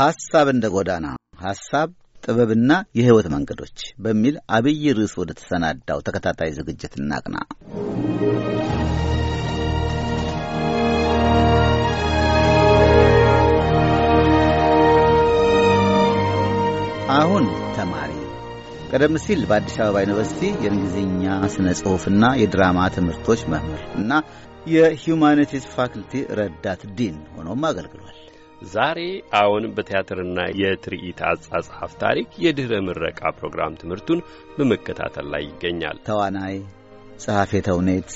ሐሳብ እንደ ጎዳና ሐሳብ ጥበብና የሕይወት መንገዶች በሚል አብይ ርዕስ ወደ ተሰናዳው ተከታታይ ዝግጅት እናቅና። አሁን ተማሪ ቀደም ሲል በአዲስ አበባ ዩኒቨርሲቲ የእንግሊዝኛ ስነ ጽሑፍና የድራማ ትምህርቶች መምህር እና የሂዩማኒቲስ ፋክልቲ ረዳት ዲን ሆኖም አገልግሏል። ዛሬ አሁን በቲያትርና የትርኢት አጻጻፍ ታሪክ የድኅረ ምረቃ ፕሮግራም ትምህርቱን በመከታተል ላይ ይገኛል። ተዋናይ፣ ጸሐፌ ተውኔት፣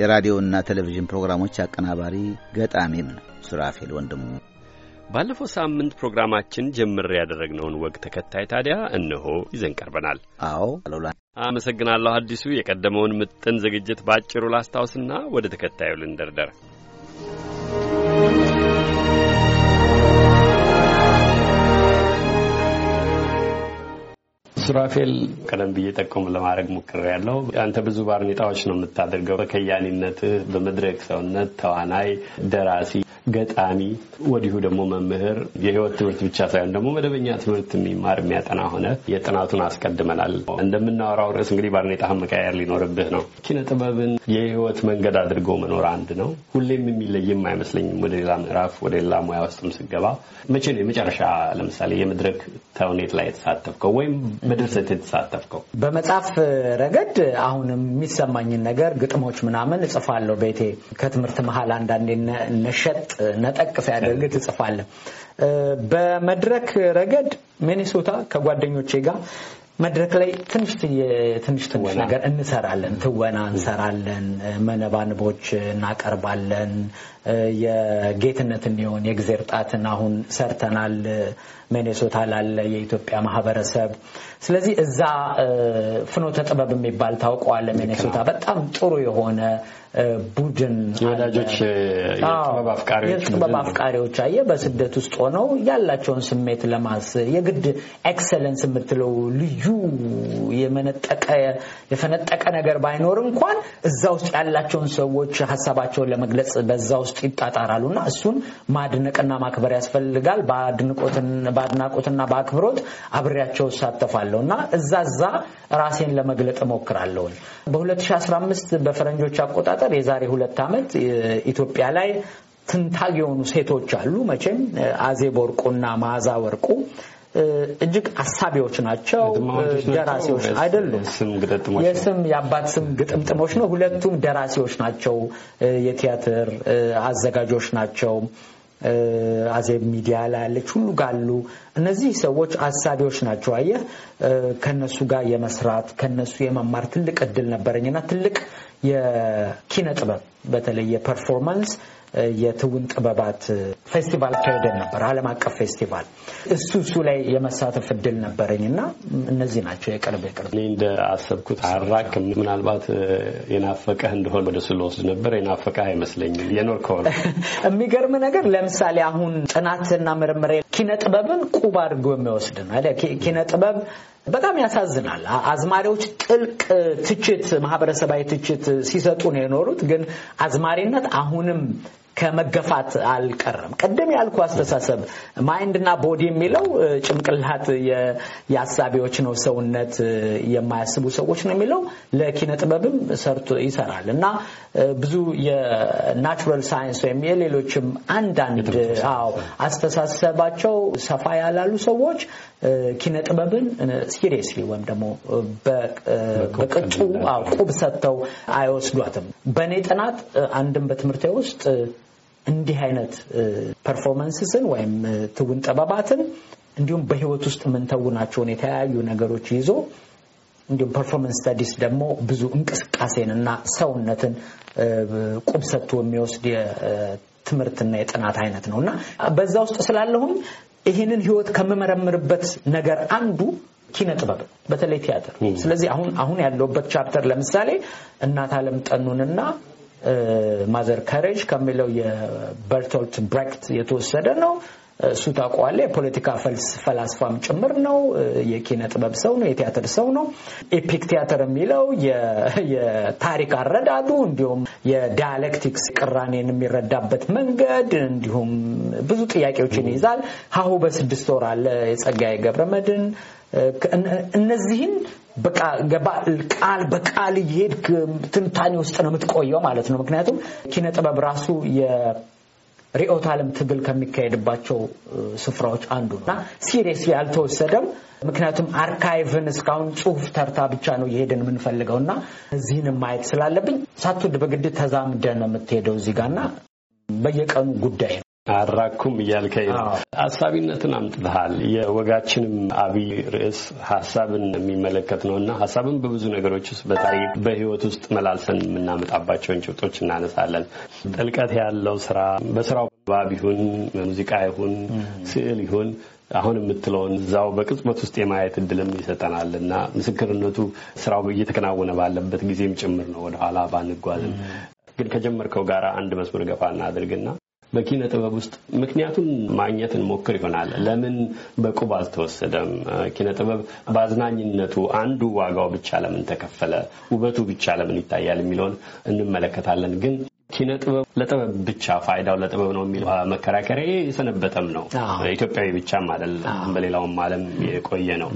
የራዲዮና ቴሌቪዥን ፕሮግራሞች አቀናባሪ፣ ገጣሚም ነው ሱራፌል ወንድሙ። ባለፈው ሳምንት ፕሮግራማችን ጀምር ያደረግነውን ወግ ተከታይ ታዲያ እነሆ ይዘን ቀርበናል። አዎ አሉላ አመሰግናለሁ። አዲሱ የቀደመውን ምጥን ዝግጅት ባጭሩ ላስታውስና ወደ ተከታዩ ልንደርደር። ሱራፌል ቀደም ብዬ ጠቆም ለማድረግ ሞክሬ ያለው አንተ ብዙ ባርኔጣዎች ነው የምታደርገው። በከያኒነትህ በመድረክ ሰውነት ተዋናይ፣ ደራሲ ገጣሚ ወዲሁ ደግሞ መምህር የህይወት ትምህርት ብቻ ሳይሆን ደግሞ መደበኛ ትምህርት የሚማር የሚያጠና ሆነ የጥናቱን አስቀድመናል። እንደምናወራው ርዕስ እንግዲህ ባርኔጣ መቀያየር ሊኖርብህ ነው። ኪነ ጥበብን የህይወት መንገድ አድርጎ መኖር አንድ ነው፣ ሁሌም የሚለይም አይመስለኝም። ወደ ሌላ ምዕራፍ፣ ወደ ሌላ ሙያ ውስጥም ስገባ መቼ ነው የመጨረሻ ለምሳሌ የመድረክ ተውኔት ላይ የተሳተፍከው ወይም በድርሰት የተሳተፍከው? በመጽሐፍ ረገድ አሁንም የሚሰማኝን ነገር ግጥሞች ምናምን እጽፋለሁ። ቤቴ ከትምህርት መሀል አንዳንዴ ነሸጥ ነጠቅ ያደርግ ትጽፋለህ። በመድረክ ረገድ ሚኒሶታ ከጓደኞቼ ጋር መድረክ ላይ ትንሽ ትንሽ ነገር እንሰራለን። ትወና እንሰራለን፣ መነባንቦች እናቀርባለን። የጌትነት እንዲሆን የእግዜር ጣትን አሁን ሰርተናል። ሚኔሶታ ላለ የኢትዮጵያ ማህበረሰብ። ስለዚህ እዛ ፍኖተ ጥበብ የሚባል ታውቀዋለ። ሚኔሶታ በጣም ጥሩ የሆነ ቡድን የወዳጆች የጥበብ አፍቃሪዎች አየ በስደት ውስጥ ሆነው ያላቸውን ስሜት ለማስ የግድ ኤክሰለንስ የምትለው ልዩ የመነጠቀ የፈነጠቀ ነገር ባይኖር እንኳን እዛ ውስጥ ያላቸውን ሰዎች ሀሳባቸውን ለመግለጽ በዛ ውስጥ ይጣጣራሉ እና እሱን ማድነቅና ማክበር ያስፈልጋል። በአድናቆትን በአድናቆትና በአክብሮት አብሬያቸው እሳተፋለሁ እና እዛ እዛ ራሴን ለመግለጥ እሞክራለሁኝ። በ2015 በፈረንጆች አቆጣጠር የዛሬ ሁለት ዓመት ኢትዮጵያ ላይ ትንታግ የሆኑ ሴቶች አሉ። መቼም አዜብ ወርቁና መዓዛ ወርቁ እጅግ አሳቢዎች ናቸው። ደራሲዎች አይደሉም። የስም የአባት ስም ግጥምጥሞች ነው። ሁለቱም ደራሲዎች ናቸው። የቲያትር አዘጋጆች ናቸው። አዜብ ሚዲያ ላይ ያለች ሁሉ ጋሉ እነዚህ ሰዎች አሳቢዎች ናቸው። አየህ ከነሱ ጋር የመስራት ከነሱ የመማር ትልቅ እድል ነበረኝና ትልቅ የኪነ ጥበብ በተለይ የፐርፎርማንስ የትውን ጥበባት ፌስቲቫል አካሄደን ነበር፣ ዓለም አቀፍ ፌስቲቫል። እሱ እሱ ላይ የመሳተፍ እድል ነበረኝ እና እነዚህ ናቸው የቅርብ የቅርብ። እኔ እንደ አሰብኩት አራክ ምናልባት የናፈቀህ እንደሆን ወደ እሱ ልወስድ ነበር። የናፈቀህ አይመስለኝም የኖር ከሆነ የሚገርም ነገር ለምሳሌ አሁን ጥናትና ምርምሬ ኪነ ጥበብን ቁብ አድርጎ የሚወስድ ነው። ኪነ ጥበብ በጣም ያሳዝናል። አዝማሪዎች ጥልቅ ትችት፣ ማህበረሰባዊ ትችት ሲሰጡ ነው የኖሩት። ግን አዝማሪነት አሁንም ከመገፋት አልቀረም። ቅድም ያልኩ አስተሳሰብ ማይንድ እና ቦዲ የሚለው ጭንቅላት የአሳቢዎች ነው፣ ሰውነት የማያስቡ ሰዎች ነው የሚለው ለኪነ ጥበብም ሰርቶ ይሰራል እና ብዙ የናቹራል ሳይንስ ወይም የሌሎችም አንዳንድ አዎ አስተሳሰባቸው ሰፋ ያላሉ ሰዎች ኪነ ጥበብን ሲሪየስሊ ወይም ደግሞ በቅጡ ቁብ ሰጥተው አይወስዷትም። በእኔ ጥናት አንድም በትምህርቴ ውስጥ እንዲህ አይነት ፐርፎርማንስስን ወይም ትውን ጥበባትን እንዲሁም በህይወት ውስጥ የምንተውናቸውን የተለያዩ ነገሮች ይዞ እንዲሁም ፐርፎርመንስ ስታዲስ ደግሞ ብዙ እንቅስቃሴን እና ሰውነትን ቁብ ሰጥቶ የሚወስድ የትምህርትና የጥናት አይነት ነው እና በዛ ውስጥ ስላለሁም ይህንን ህይወት ከምመረምርበት ነገር አንዱ ኪነ ጥበብ በተለይ ቲያትር። ስለዚህ አሁን አሁን ያለውበት ቻፕተር ለምሳሌ እናት አለም ጠኑንና ማዘር ከሬጅ ከሚለው የበርቶልት ብሬክት የተወሰደ ነው። እሱ ታውቀዋለህ። የፖለቲካ ፈላስፋም ጭምር ነው። የኪነ ጥበብ ሰው ነው። የቲያትር ሰው ነው። ኤፒክ ቲያትር የሚለው የታሪክ አረዳዱ እንዲሁም የዳያሌክቲክስ ቅራኔን የሚረዳበት መንገድ እንዲሁም ብዙ ጥያቄዎችን ይይዛል። ሀሁ በስድስት ወር አለ የጸጋዬ ገብረ መድን እነዚህን ቃል በቃል እየሄድክ ትንታኔ ውስጥ ነው የምትቆየው ማለት ነው። ምክንያቱም ኪነ ጥበብ ራሱ የርዕዮተ ዓለም ትግል ከሚካሄድባቸው ስፍራዎች አንዱ ነው እና ሲሪየስ ያልተወሰደም ምክንያቱም አርካይቭን እስካሁን ጽሁፍ ተርታ ብቻ ነው እየሄድን የምንፈልገው እና እዚህን ማየት ስላለብኝ ሳትወድ በግድ ተዛምደ ነው የምትሄደው እዚህ ጋር እና በየቀኑ ጉዳይ ነው። አራኩም እያልከኝ ነው። አሳቢነትን አምጥተሃል። የወጋችንም አብይ ርዕስ ሀሳብን የሚመለከት ነው እና ሀሳብን በብዙ ነገሮች ውስጥ በታሪክ በህይወት ውስጥ መላልሰን የምናመጣባቸውን ጭብጦች እናነሳለን። ጥልቀት ያለው ስራ በስራው ባብ ይሁን ሙዚቃ ይሁን ስዕል ይሁን አሁን የምትለውን እዛው በቅጽበት ውስጥ የማየት እድልም ይሰጠናል እና ምስክርነቱ ስራው እየተከናወነ ባለበት ጊዜም ጭምር ነው። ወደኋላ ባንጓዝም ግን ከጀመርከው ጋር አንድ መስመር ገፋ እናድርግና በኪነ ጥበብ ውስጥ ምክንያቱን ማግኘት እንሞክር ይሆናል። ለምን በቁብ አልተወሰደም? ኪነ ጥበብ በአዝናኝነቱ አንዱ ዋጋው ብቻ ለምን ተከፈለ? ውበቱ ብቻ ለምን ይታያል? የሚለውን እንመለከታለን። ግን ኪነ ጥበብ ለጥበብ ብቻ ፋይዳው ለጥበብ ነው የሚለው መከራከሪያ የሰነበተም ነው። ኢትዮጵያዊ ብቻም አይደለም፣ በሌላውም ዓለም የቆየ ነው።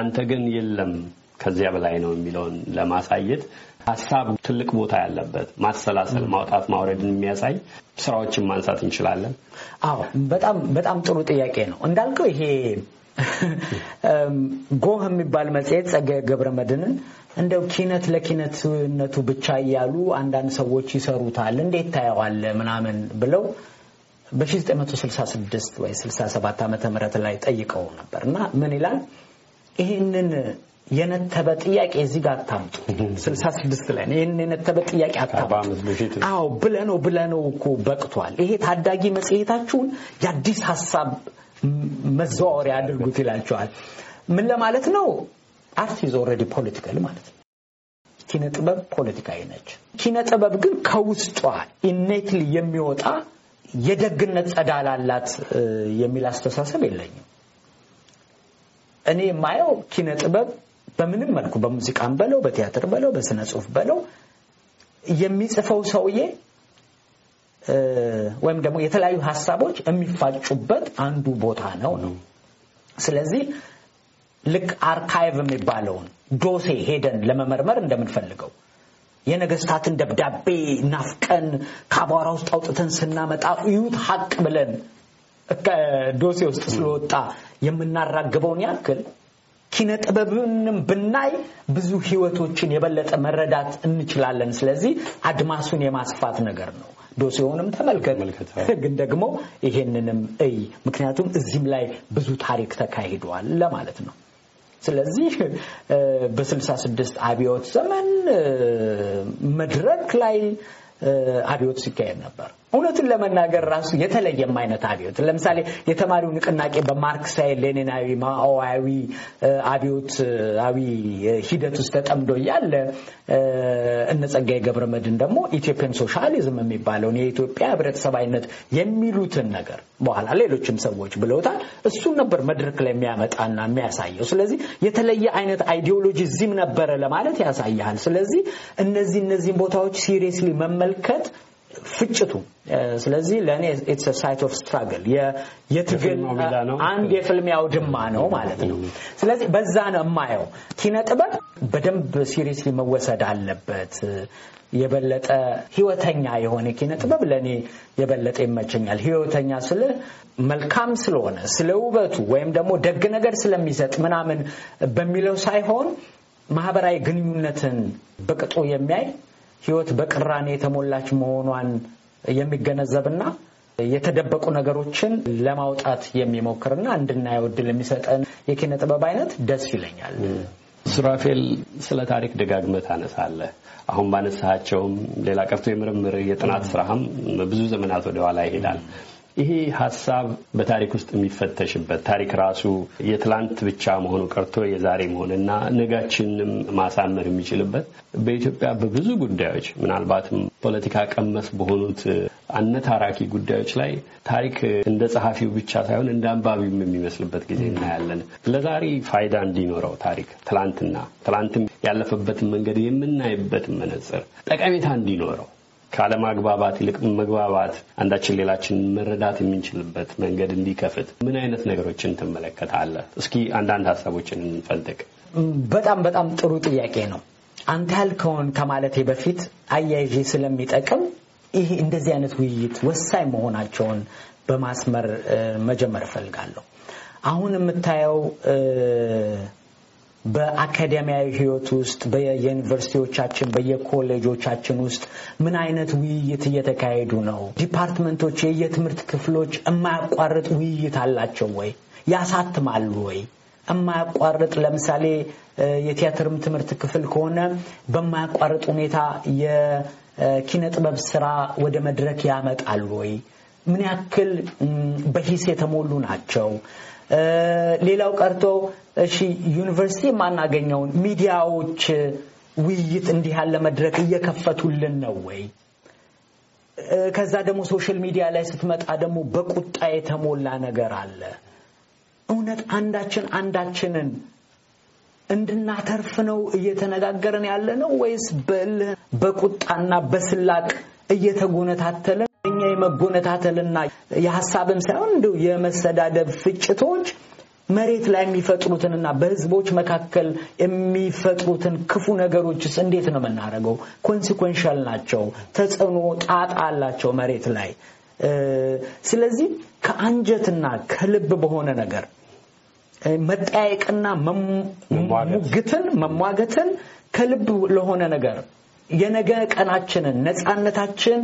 አንተ ግን የለም ከዚያ በላይ ነው የሚለውን ለማሳየት ሀሳብ ትልቅ ቦታ ያለበት ማሰላሰል፣ ማውጣት ማውረድን የሚያሳይ ስራዎችን ማንሳት እንችላለን። አዎ በጣም በጣም ጥሩ ጥያቄ ነው። እንዳልከው ይሄ ጎህ የሚባል መጽሔት ጸጋዬ ገብረ መድኅንን እንደው ኪነት ለኪነትነቱ ብቻ እያሉ አንዳንድ ሰዎች ይሰሩታል፣ እንዴት ታየዋለ ምናምን ብለው በ1966 ወይ 67 ዓ ም ላይ ጠይቀው ነበር እና ምን ይላል ይህንን የነተበ ጥያቄ እዚህ ጋር አታምጡ። 66 ላይ ይህን የነተበ ጥያቄ አታምጡ። አዎ ብለነው ብለነው እኮ በቅቷል። ይሄ ታዳጊ መጽሔታችሁን የአዲስ ሀሳብ መዘዋወሪያ አድርጉት ይላቸዋል። ምን ለማለት ነው? አርት ኢዝ ኦልሬዲ ፖለቲካል ማለት ነው። ኪነ ጥበብ ፖለቲካዊ ነች። ኪነ ጥበብ ግን ከውስጧ ኢኔትሊ የሚወጣ የደግነት ጸዳል አላት የሚል አስተሳሰብ የለኝም። እኔ የማየው ኪነ ጥበብ በምንም መልኩ በሙዚቃም በለው በቲያትር በለው በስነ ጽሁፍ በለው የሚጽፈው ሰውዬ ወይም ደግሞ የተለያዩ ሀሳቦች የሚፋጩበት አንዱ ቦታ ነው ነው ስለዚህ ልክ አርካይቭ የሚባለውን ዶሴ ሄደን ለመመርመር እንደምንፈልገው የነገስታትን ደብዳቤ ናፍቀን ከአቧራ ውስጥ አውጥተን ስናመጣ እዩት ሀቅ ብለን ዶሴ ውስጥ ስለወጣ የምናራግበውን ያክል ኪነ ጥበብንም ብናይ ብዙ ህይወቶችን የበለጠ መረዳት እንችላለን። ስለዚህ አድማሱን የማስፋት ነገር ነው። ዶሴውንም ተመልከት፣ ግን ደግሞ ይሄንንም እይ፣ ምክንያቱም እዚህም ላይ ብዙ ታሪክ ተካሂደዋል ለማለት ነው። ስለዚህ በ66 አብዮት ዘመን መድረክ ላይ አብዮት ሲካሄድ ነበር። እውነቱን ለመናገር ራሱ የተለየም አይነት አብዮት ለምሳሌ የተማሪው ንቅናቄ በማርክሳዊ ሌኒናዊ ማኦዋዊ አብዮታዊ ሂደት ውስጥ ተጠምዶ እያለ እነ ጸጋዬ ገብረ መድን ደግሞ ኢትዮጵያን ሶሻሊዝም የሚባለውን የኢትዮጵያ ህብረተሰባዊነት የሚሉትን ነገር በኋላ ሌሎችም ሰዎች ብለውታል። እሱን ነበር መድረክ ላይ የሚያመጣና የሚያሳየው። ስለዚህ የተለየ አይነት አይዲዮሎጂ እዚህም ነበረ ለማለት ያሳያል። ስለዚህ እነዚህ እነዚህን ቦታዎች ሲሪየስሊ መመልከት ፍጭቱ። ስለዚህ ለእኔ ኢትስ ሳይት ኦፍ ስትራግል የትግል አንድ የፍልሚያ አውድማ ነው ማለት ነው። ስለዚህ በዛ ነው የማየው። ኪነ ጥበብ በደንብ ሲሪየስሊ መወሰድ አለበት። የበለጠ ህይወተኛ የሆነ ኪነ ጥበብ ለእኔ የበለጠ ይመቸኛል። ህይወተኛ ስለ መልካም ስለሆነ ስለ ውበቱ ወይም ደግሞ ደግ ነገር ስለሚሰጥ ምናምን በሚለው ሳይሆን ማህበራዊ ግንኙነትን በቅጡ የሚያይ ህይወት በቅራኔ የተሞላች መሆኗን የሚገነዘብና የተደበቁ ነገሮችን ለማውጣት የሚሞክርና እንድናየው እድል የሚሰጠን የኪነ ጥበብ አይነት ደስ ይለኛል። ሱራፌል ስለ ታሪክ ደጋግመህ ታነሳለህ። አሁን ባነሳቸውም ሌላ ቀርቶ የምርምር የጥናት ስራህም ብዙ ዘመናት ወደኋላ ይሄዳል። ይሄ ሀሳብ በታሪክ ውስጥ የሚፈተሽበት ታሪክ ራሱ የትላንት ብቻ መሆኑ ቀርቶ የዛሬ መሆንና ነጋችንም ማሳመር የሚችልበት በኢትዮጵያ በብዙ ጉዳዮች ምናልባትም ፖለቲካ ቀመስ በሆኑት አነታራኪ ጉዳዮች ላይ ታሪክ እንደ ጸሐፊው ብቻ ሳይሆን እንደ አንባቢውም የሚመስልበት ጊዜ እናያለን። ለዛሬ ፋይዳ እንዲኖረው ታሪክ ትላንትና ትላንትም ያለፈበትን መንገድ የምናይበት መነጽር ጠቀሜታ እንዲኖረው ከአለማግባባት ይልቅ መግባባት፣ አንዳችን ሌላችን መረዳት የምንችልበት መንገድ እንዲከፍት ምን አይነት ነገሮችን ትመለከታለህ? እስኪ አንዳንድ ሀሳቦችን እንፈልጥቅ። በጣም በጣም ጥሩ ጥያቄ ነው። አንተ ያልከውን ከማለቴ በፊት አያይዤ ስለሚጠቅም ይሄ እንደዚህ አይነት ውይይት ወሳኝ መሆናቸውን በማስመር መጀመር እፈልጋለሁ። አሁን የምታየው በአካዳሚያዊ ህይወት ውስጥ በየዩኒቨርሲቲዎቻችን በየኮሌጆቻችን ውስጥ ምን አይነት ውይይት እየተካሄዱ ነው? ዲፓርትመንቶች፣ የየትምህርት ክፍሎች የማያቋርጥ ውይይት አላቸው ወይ? ያሳትማሉ ወይ? የማያቋርጥ ለምሳሌ የቲያትርም ትምህርት ክፍል ከሆነ በማያቋርጥ ሁኔታ የኪነ ጥበብ ስራ ወደ መድረክ ያመጣሉ ወይ? ምን ያክል በሂስ የተሞሉ ናቸው። ሌላው ቀርቶ እሺ ዩኒቨርሲቲ የማናገኘውን ሚዲያዎች ውይይት እንዲህ ያለ መድረክ እየከፈቱልን ነው ወይ? ከዛ ደግሞ ሶሻል ሚዲያ ላይ ስትመጣ ደግሞ በቁጣ የተሞላ ነገር አለ። እውነት አንዳችን አንዳችንን እንድናተርፍ ነው እየተነጋገረን ያለ ነው ወይስ በእልህ በቁጣና በስላቅ እየተጎነታተለ የመጎነታተልና የሀሳብም ሳይሆን እንዲሁ የመሰዳደብ ፍጭቶች መሬት ላይ የሚፈጥሩትንና በህዝቦች መካከል የሚፈጥሩትን ክፉ ነገሮችስ እንዴት ነው የምናደርገው? ኮንሲኮንሻል ናቸው። ተጽዕኖ ጣጣ አላቸው መሬት ላይ። ስለዚህ ከአንጀትና ከልብ በሆነ ነገር መጠያየቅና ሙግትን መሟገትን ከልብ ለሆነ ነገር የነገ ቀናችንን ነፃነታችን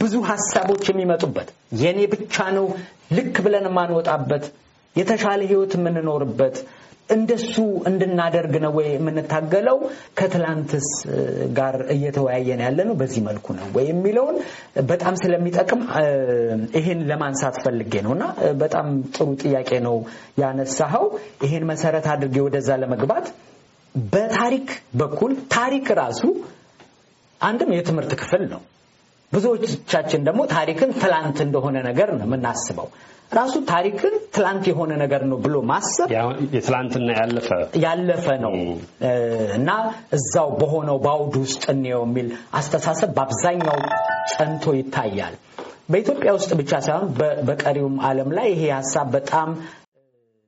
ብዙ ሀሳቦች የሚመጡበት የኔ ብቻ ነው ልክ ብለን የማንወጣበት የተሻለ ህይወት የምንኖርበት እንደሱ እንድናደርግ ነው ወይ የምንታገለው ከትላንትስ ጋር እየተወያየን ያለ ነው በዚህ መልኩ ነው ወይ የሚለውን በጣም ስለሚጠቅም ይሄን ለማንሳት ፈልጌ ነው እና በጣም ጥሩ ጥያቄ ነው ያነሳኸው ይህን መሰረት አድርጌ ወደዛ ለመግባት በታሪክ በኩል ታሪክ ራሱ አንድም የትምህርት ክፍል ነው ብዙዎቻችን ደግሞ ታሪክን ትላንት እንደሆነ ነገር ነው የምናስበው። ራሱ ታሪክን ትላንት የሆነ ነገር ነው ብሎ ማሰብ የትላንትና ያለፈ ያለፈ ነው እና እዛው በሆነው በአውድ ውስጥ እንየው የሚል አስተሳሰብ በአብዛኛው ጸንቶ ይታያል። በኢትዮጵያ ውስጥ ብቻ ሳይሆን በቀሪውም ዓለም ላይ ይሄ ሀሳብ በጣም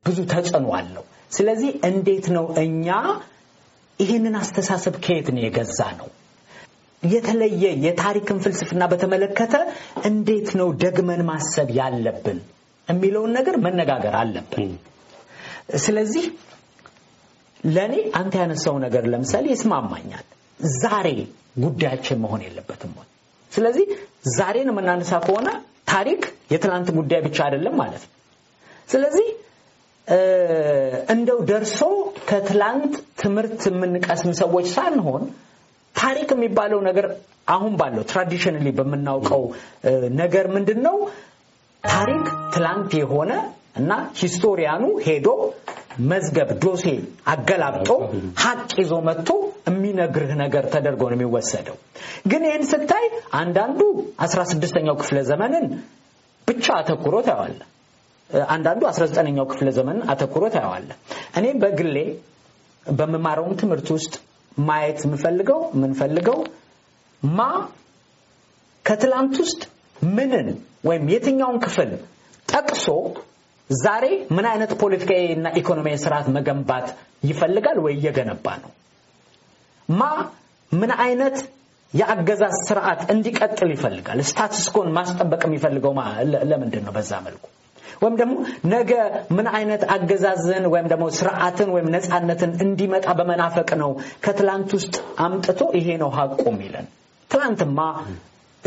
ብዙ ተጽዕኖ አለው። ስለዚህ እንዴት ነው እኛ ይህንን አስተሳሰብ ከየት ነው የገዛ ነው? የተለየ የታሪክን ፍልስፍና በተመለከተ እንዴት ነው ደግመን ማሰብ ያለብን የሚለውን ነገር መነጋገር አለብን። ስለዚህ ለእኔ አንተ ያነሳው ነገር ለምሳሌ ይስማማኛል። ዛሬ ጉዳያችን መሆን የለበትም ወይ? ስለዚህ ዛሬን የምናነሳ ከሆነ ታሪክ የትናንት ጉዳይ ብቻ አይደለም ማለት ነው። ስለዚህ እንደው ደርሶ ከትላንት ትምህርት የምንቀስም ሰዎች ሳንሆን ታሪክ የሚባለው ነገር አሁን ባለው ትራዲሽናሊ በምናውቀው ነገር ምንድን ነው ታሪክ ትላንት የሆነ እና ሂስቶሪያኑ ሄዶ መዝገብ ዶሴ አገላብጦ ሀቅ ይዞ መጥቶ የሚነግርህ ነገር ተደርጎ ነው የሚወሰደው። ግን ይህን ስታይ አንዳንዱ አስራ ስድስተኛው ክፍለ ዘመንን ብቻ አተኩሮ ታየዋለህ። አንዳንዱ አስራ ዘጠነኛው ክፍለ ዘመንን አተኩሮ ታየዋለህ። እኔ በግሌ በምማረውም ትምህርት ውስጥ ማየት የምፈልገው የምንፈልገው ማ ከትላንት ውስጥ ምንን ወይም የትኛውን ክፍል ጠቅሶ ዛሬ ምን አይነት ፖለቲካዊ እና ኢኮኖሚያዊ ስርዓት መገንባት ይፈልጋል ወይ እየገነባ ነው? ማ ምን አይነት የአገዛዝ ስርዓት እንዲቀጥል ይፈልጋል? ስታትስኮን ማስጠበቅ የሚፈልገው ለምንድን ነው? በዛ መልኩ ወይም ደግሞ ነገ ምን አይነት አገዛዝን ወይም ደግሞ ስርዓትን ወይም ነፃነትን እንዲመጣ በመናፈቅ ነው ከትላንት ውስጥ አምጥቶ ይሄ ነው ሀቁ ይለን ትላንትማ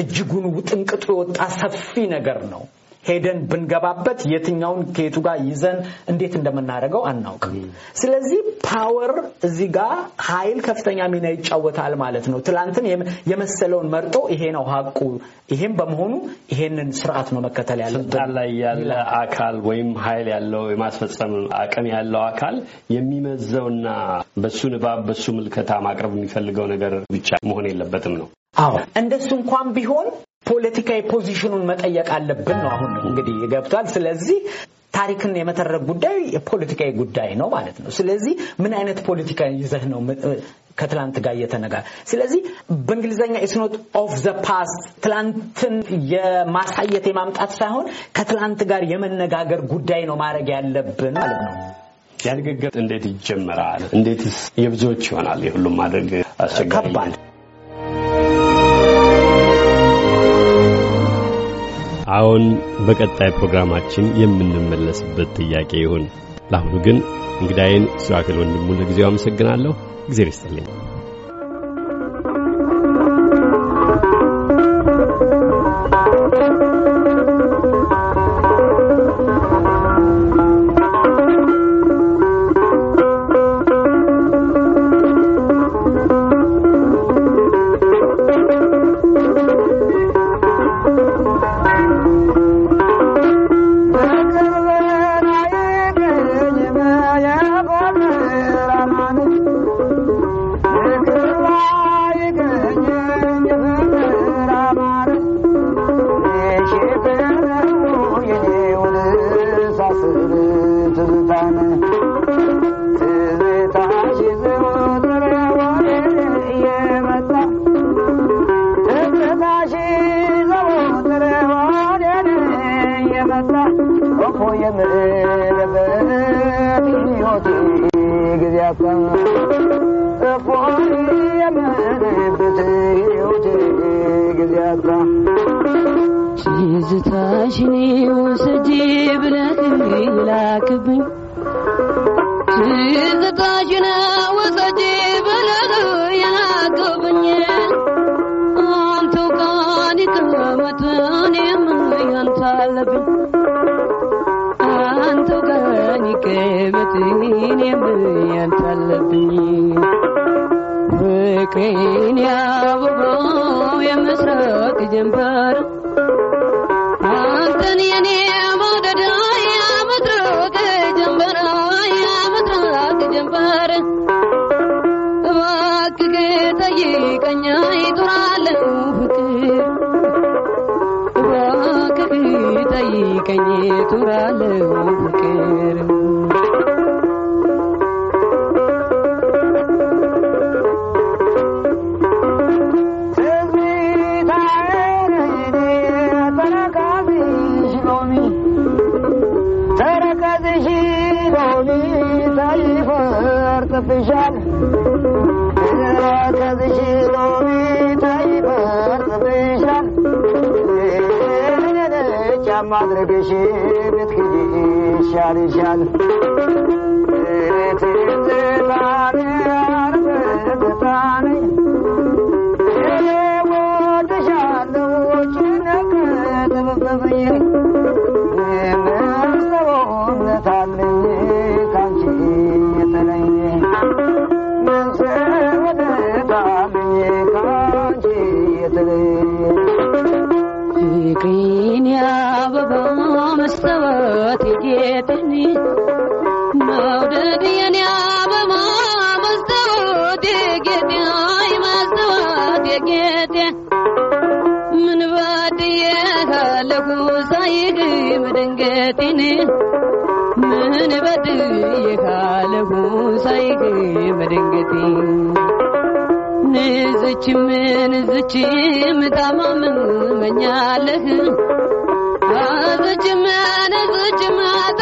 እጅጉን ውጥንቅጡ የወጣ ሰፊ ነገር ነው። ሄደን ብንገባበት የትኛውን ከየቱ ጋር ይዘን እንዴት እንደምናደርገው አናውቅም። ስለዚህ ፓወር እዚህ ጋር ኃይል ከፍተኛ ሚና ይጫወታል ማለት ነው። ትላንትን የመሰለውን መርጦ ይሄ ነው ሀቁ፣ ይሄም በመሆኑ ይሄንን ስርዓት ነው መከተል ያለበት። ስልጣን ላይ ያለ አካል ወይም ኃይል ያለው የማስፈጸም አቅም ያለው አካል የሚመዘውና በሱ ንባብ በሱ ምልከታ ማቅረብ የሚፈልገው ነገር ብቻ መሆን የለበትም ነው። አዎ እንደሱ እንኳን ቢሆን ፖለቲካዊ ፖዚሽኑን መጠየቅ አለብን ነው አሁን እንግዲህ ገብቷል። ስለዚህ ታሪክን የመተረክ ጉዳይ የፖለቲካዊ ጉዳይ ነው ማለት ነው። ስለዚህ ምን አይነት ፖለቲካ ይዘህ ነው ከትላንት ጋር እየተነጋ ስለዚህ በእንግሊዝኛ ኢስኖት ኦፍ ዘ ፓስት ትላንትን የማሳየት የማምጣት ሳይሆን ከትላንት ጋር የመነጋገር ጉዳይ ነው ማድረግ ያለብን ማለት ነው። ያ ንግግር እንዴት ይጀመራል? እንዴትስ የብዙዎች ይሆናል? የሁሉም ማድረግ አስቸጋሪ አዎን፣ በቀጣይ ፕሮግራማችን የምንመለስበት ጥያቄ ይሁን። ለአሁኑ ግን እንግዳይን ሱራፌል ወንድሙ ለጊዜው አመሰግናለሁ። እግዜር ይስጥልኝ። ማሽኔ ውሰጂ ብለህ ላክብኝ ትዝታሽን ውሰጂ ብለህ ያግብኝ አንተው ጋር ይቀመጥ እኔም ያንተ አለብኝ አንተው ጋር ይቀመጥ እኔም ያንተ አለብኝ ፍቅሬን ያበባው የምስራቅ ጀንበር ፍቅረኛ ይኖራለው ፍቅር ዋከፊ ጠይቀኝ ይኖራለው ፍቅር تركت شيلوني سيفر طفشان ማድረቤሽ ብትሄድ አስበዋት የጌታን መውደድ የኔ አበባ ምን በድያለሁ ሳይግም ድንገቴን ምን ምን ዝች ምታማምን መኛለህ ዝጅመነ ዝጅመነ